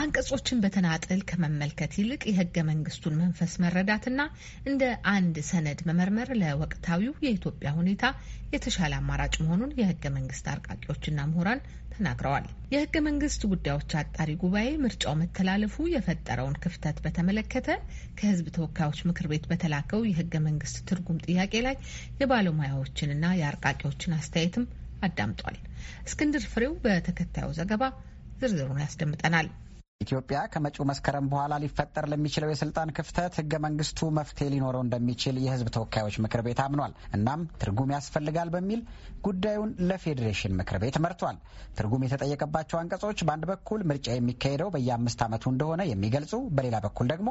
አንቀጾችን በተናጥል ከመመልከት ይልቅ የህገ መንግስቱን መንፈስ መረዳትና እንደ አንድ ሰነድ መመርመር ለወቅታዊው የኢትዮጵያ ሁኔታ የተሻለ አማራጭ መሆኑን የህገ መንግስት አርቃቂዎችና ምሁራን ተናግረዋል። የህገ መንግስት ጉዳዮች አጣሪ ጉባኤ ምርጫው መተላለፉ የፈጠረውን ክፍተት በተመለከተ ከህዝብ ተወካዮች ምክር ቤት በተላከው የህገ መንግስት ትርጉም ጥያቄ ላይ የባለሙያዎችንና የአርቃቂዎችን አስተያየትም አዳምጧል። እስክንድር ፍሬው በተከታዩ ዘገባ ዝርዝሩን ያስደምጠናል። ኢትዮጵያ ከመጪው መስከረም በኋላ ሊፈጠር ለሚችለው የስልጣን ክፍተት ህገ መንግስቱ መፍትሄ ሊኖረው እንደሚችል የህዝብ ተወካዮች ምክር ቤት አምኗል። እናም ትርጉም ያስፈልጋል በሚል ጉዳዩን ለፌዴሬሽን ምክር ቤት መርቷል። ትርጉም የተጠየቀባቸው አንቀጾች በአንድ በኩል ምርጫ የሚካሄደው በየአምስት ዓመቱ እንደሆነ የሚገልጹ፣ በሌላ በኩል ደግሞ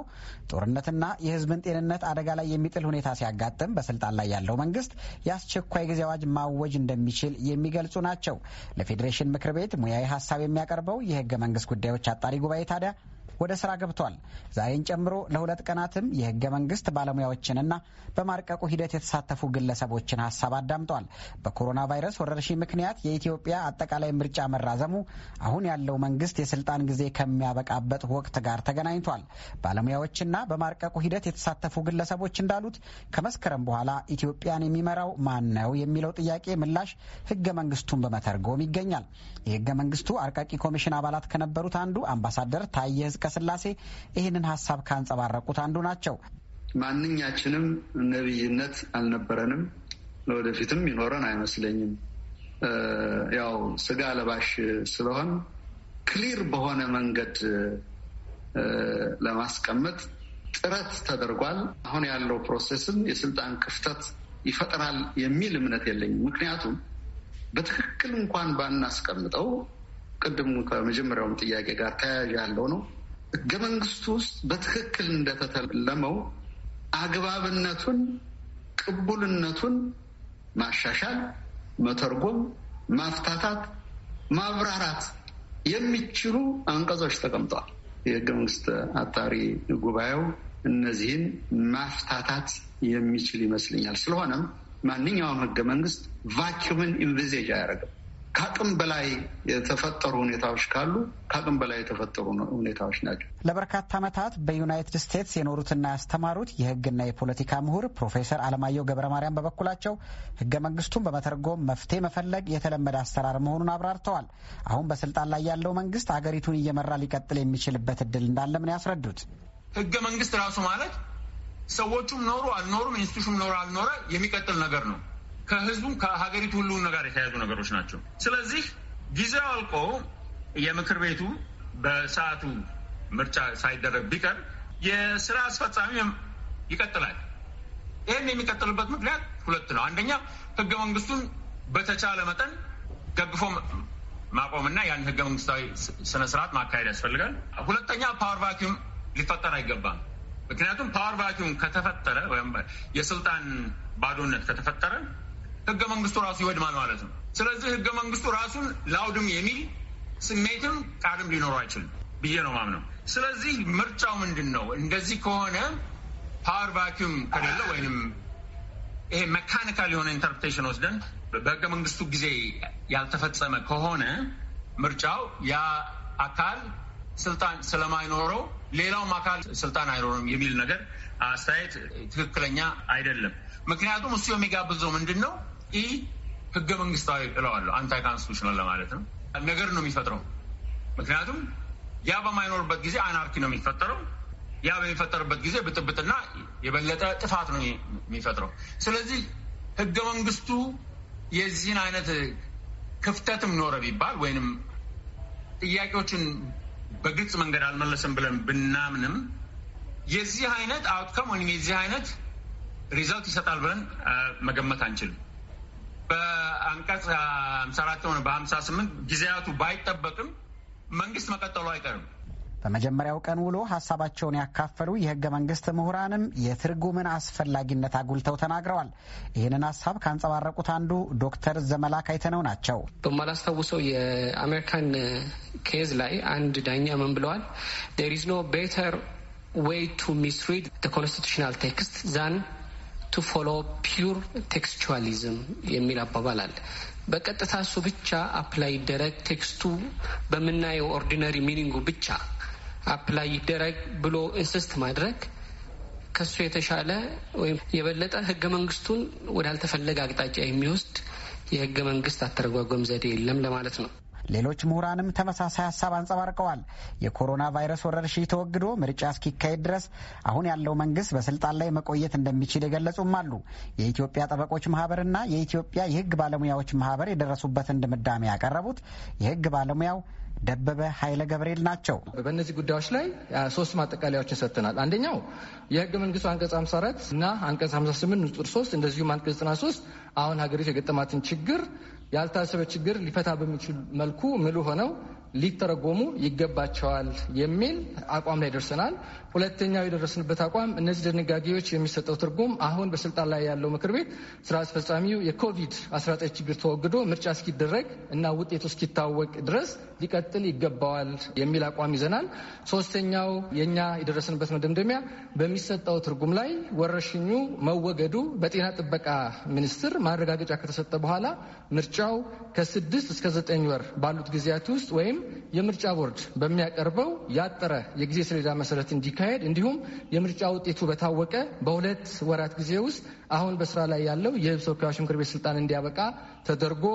ጦርነትና የህዝብን ጤንነት አደጋ ላይ የሚጥል ሁኔታ ሲያጋጥም በስልጣን ላይ ያለው መንግስት የአስቸኳይ ጊዜ አዋጅ ማወጅ እንደሚችል የሚገልጹ ናቸው። ለፌዴሬሽን ምክር ቤት ሙያዊ ሀሳብ የሚያቀርበው የህገ መንግስት ጉዳዮች አጣሪ ጉባኤ ጉባኤ ታዲያ ወደ ስራ ገብቷል። ዛሬን ጨምሮ ለሁለት ቀናትም የህገ መንግስት ባለሙያዎችንና በማርቀቁ ሂደት የተሳተፉ ግለሰቦችን ሀሳብ አዳምጧል። በኮሮና ቫይረስ ወረርሽኝ ምክንያት የኢትዮጵያ አጠቃላይ ምርጫ መራዘሙ አሁን ያለው መንግስት የስልጣን ጊዜ ከሚያበቃበት ወቅት ጋር ተገናኝቷል። ባለሙያዎችና በማርቀቁ ሂደት የተሳተፉ ግለሰቦች እንዳሉት ከመስከረም በኋላ ኢትዮጵያን የሚመራው ማን ነው የሚለው ጥያቄ ምላሽ ህገ መንግስቱን በመተርጎም ይገኛል። የህገ መንግስቱ አርቃቂ ኮሚሽን አባላት ከነበሩት አንዱ አምባሳደር ታየ ገብረስላሴ ይህንን ሀሳብ ካንጸባረቁት አንዱ ናቸው። ማንኛችንም ነቢይነት አልነበረንም፣ ለወደፊትም ይኖረን አይመስለኝም። ያው ስጋ ለባሽ ስለሆን ክሊር በሆነ መንገድ ለማስቀመጥ ጥረት ተደርጓል። አሁን ያለው ፕሮሴስም የስልጣን ክፍተት ይፈጥራል የሚል እምነት የለኝም። ምክንያቱም በትክክል እንኳን ባናስቀምጠው ቅድም ከመጀመሪያውም ጥያቄ ጋር ተያያዥ ያለው ነው ህገ መንግስቱ ውስጥ በትክክል እንደተተለመው አግባብነቱን፣ ቅቡልነቱን ማሻሻል፣ መተርጎም፣ ማፍታታት፣ ማብራራት የሚችሉ አንቀጾች ተቀምጠዋል። የህገ መንግስት አጣሪ ጉባኤው እነዚህን ማፍታታት የሚችል ይመስለኛል። ስለሆነም ማንኛውም ህገ መንግስት ቫኪዩምን ኢንቪዜጅ አያደርግም። ከአቅም በላይ የተፈጠሩ ሁኔታዎች ካሉ ከአቅም በላይ የተፈጠሩ ሁኔታዎች ናቸው። ለበርካታ ዓመታት በዩናይትድ ስቴትስ የኖሩትና ያስተማሩት የሕግና የፖለቲካ ምሁር ፕሮፌሰር አለማየሁ ገብረ ማርያም በበኩላቸው ሕገ መንግስቱን በመተርጎም መፍትሄ መፈለግ የተለመደ አሰራር መሆኑን አብራርተዋል። አሁን በስልጣን ላይ ያለው መንግስት አገሪቱን እየመራ ሊቀጥል የሚችልበት እድል እንዳለ ምን ያስረዱት። ሕገ መንግስት ራሱ ማለት ሰዎቹም ኖሩ አልኖሩም ኢንስቲቱሽን ኖረ አልኖረ የሚቀጥል ነገር ነው ከህዝቡም ከሀገሪቱ ሁሉ ጋር የተያዙ ነገሮች ናቸው። ስለዚህ ጊዜው አልቆ የምክር ቤቱ በሰዓቱ ምርጫ ሳይደረግ ቢቀር የስራ አስፈጻሚ ይቀጥላል። ይህን የሚቀጥልበት ምክንያት ሁለት ነው። አንደኛ ህገ መንግስቱን በተቻለ መጠን ደግፎ ማቆምና ያን ህገ መንግስታዊ ስነስርዓት ማካሄድ ያስፈልጋል። ሁለተኛ ፓወር ቫኪዩም ሊፈጠር አይገባም። ምክንያቱም ፓወር ቫኪዩም ከተፈጠረ ወይም የስልጣን ባዶነት ከተፈጠረ ህገ መንግስቱ ራሱ ይወድማል ማለት ነው። ስለዚህ ህገ መንግስቱ ራሱን ላውድም የሚል ስሜትም ቃልም ሊኖረው አይችልም ብዬ ነው ማምነው። ስለዚህ ምርጫው ምንድን ነው? እንደዚህ ከሆነ ፓወር ቫኪዩም ከሌለ ወይም ይሄ መካኒካል የሆነ ኢንተርፕሬሽን ወስደን በህገ መንግስቱ ጊዜ ያልተፈጸመ ከሆነ ምርጫው ያ አካል ስልጣን ስለማይኖረው ሌላውም አካል ስልጣን አይኖርም የሚል ነገር አስተያየት ትክክለኛ አይደለም። ምክንያቱም እሱ የሚጋብዘው ምንድን ነው ኢ ህገ መንግስታዊ እለዋለሁ አንታይ ካንስቲቱሽናል ለማለት ነው። ነገር ነው የሚፈጥረው። ምክንያቱም ያ በማይኖርበት ጊዜ አናርኪ ነው የሚፈጠረው። ያ በሚፈጠርበት ጊዜ ብጥብጥና የበለጠ ጥፋት ነው የሚፈጥረው። ስለዚህ ህገ መንግስቱ የዚህን አይነት ክፍተትም ኖረ ቢባል ወይንም ጥያቄዎችን በግልጽ መንገድ አልመለስም ብለን ብናምንም የዚህ አይነት አውትከም ወይም የዚህ አይነት ሪዛልት ይሰጣል ብለን መገመት አንችልም። በአንቀጽ ሀምሳ አራት ሆነ በሀምሳ ስምንት ጊዜያቱ ባይጠበቅም መንግስት መቀጠሉ አይቀርም። በመጀመሪያው ቀን ውሎ ሀሳባቸውን ያካፈሉ የህገ መንግስት ምሁራንም የትርጉምን አስፈላጊነት አጉልተው ተናግረዋል። ይህንን ሀሳብ ካንጸባረቁት አንዱ ዶክተር ዘመላክ አይተነው ናቸው። በማላስታውሰው የአሜሪካን ኬዝ ላይ አንድ ዳኛ ምን ብለዋል? ዴር ኢዝ ኖ ቤተር ዌይ ቱ ሚስሪድ ኮንስቲቱሽናል ቴክስት ዛን ቱ ፎሎ ፒር ቴክስቹዋሊዝም የሚል አባባል አለ። በቀጥታ እሱ ብቻ አፕላይ ይደረግ፣ ቴክስቱ በምናየው ኦርዲነሪ ሚኒንጉ ብቻ አፕላይ ይደረግ ብሎ እንስስት ማድረግ ከሱ የተሻለ ወይም የበለጠ ህገ መንግስቱን ወዳልተፈለገ አቅጣጫ የሚወስድ የህገ መንግስት አተረጓጎም ዘዴ የለም ለማለት ነው። ሌሎች ምሁራንም ተመሳሳይ ሀሳብ አንጸባርቀዋል። የኮሮና ቫይረስ ወረርሽኝ ተወግዶ ምርጫ እስኪካሄድ ድረስ አሁን ያለው መንግስት በስልጣን ላይ መቆየት እንደሚችል የገለጹም አሉ። የኢትዮጵያ ጠበቆች ማህበርና የኢትዮጵያ የህግ ባለሙያዎች ማህበር የደረሱበትን ድምዳሜ ያቀረቡት የህግ ባለሙያው ደበበ ኃይለ ገብርኤል ናቸው። በእነዚህ ጉዳዮች ላይ ሶስት ማጠቃለያዎችን ሰጥተናል። አንደኛው የህገ መንግስቱ አንቀጽ 54 እና አንቀጽ 58 ንጹር 3 እንደዚሁም አንቀጽ 93 አሁን ሀገሪቱ የገጠማትን ችግር ያልታሰበ ችግር ሊፈታ በሚችል መልኩ ምሉ ሆነው ሊተረጎሙ ይገባቸዋል የሚል አቋም ላይ ደርሰናል። ሁለተኛው የደረስንበት አቋም እነዚህ ድንጋጌዎች የሚሰጠው ትርጉም አሁን በስልጣን ላይ ያለው ምክር ቤት ስራ አስፈጻሚው የኮቪድ-19 ችግር ተወግዶ ምርጫ እስኪደረግ እና ውጤቱ እስኪታወቅ ድረስ ሊቀጥል ይገባዋል የሚል አቋም ይዘናል። ሶስተኛው የእኛ የደረስንበት መደምደሚያ በሚሰጠው ትርጉም ላይ ወረርሽኙ መወገዱ በጤና ጥበቃ ሚኒስቴር ማረጋገጫ ከተሰጠ በኋላ ምርጫው ከስድስት እስከ ዘጠኝ ወር ባሉት ጊዜያት ውስጥ ወይም ወይም የምርጫ ቦርድ በሚያቀርበው ያጠረ የጊዜ ሰሌዳ መሰረት እንዲካሄድ እንዲሁም የምርጫ ውጤቱ በታወቀ በሁለት ወራት ጊዜ ውስጥ አሁን በስራ ላይ ያለው የህዝብ ተወካዮች ምክር ቤት ስልጣን እንዲያበቃ ተደርጎ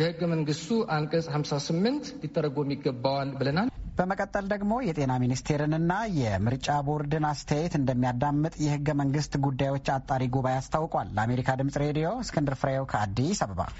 የህገ መንግስቱ አንቀጽ 58 ሊተረጎም ይገባዋል ብለናል። በመቀጠል ደግሞ የጤና ሚኒስቴርንና የምርጫ ቦርድን አስተያየት እንደሚያዳምጥ የህገ መንግስት ጉዳዮች አጣሪ ጉባኤ አስታውቋል። ለአሜሪካ ድምጽ ሬዲዮ እስክንድር ፍሬው ከአዲስ አበባ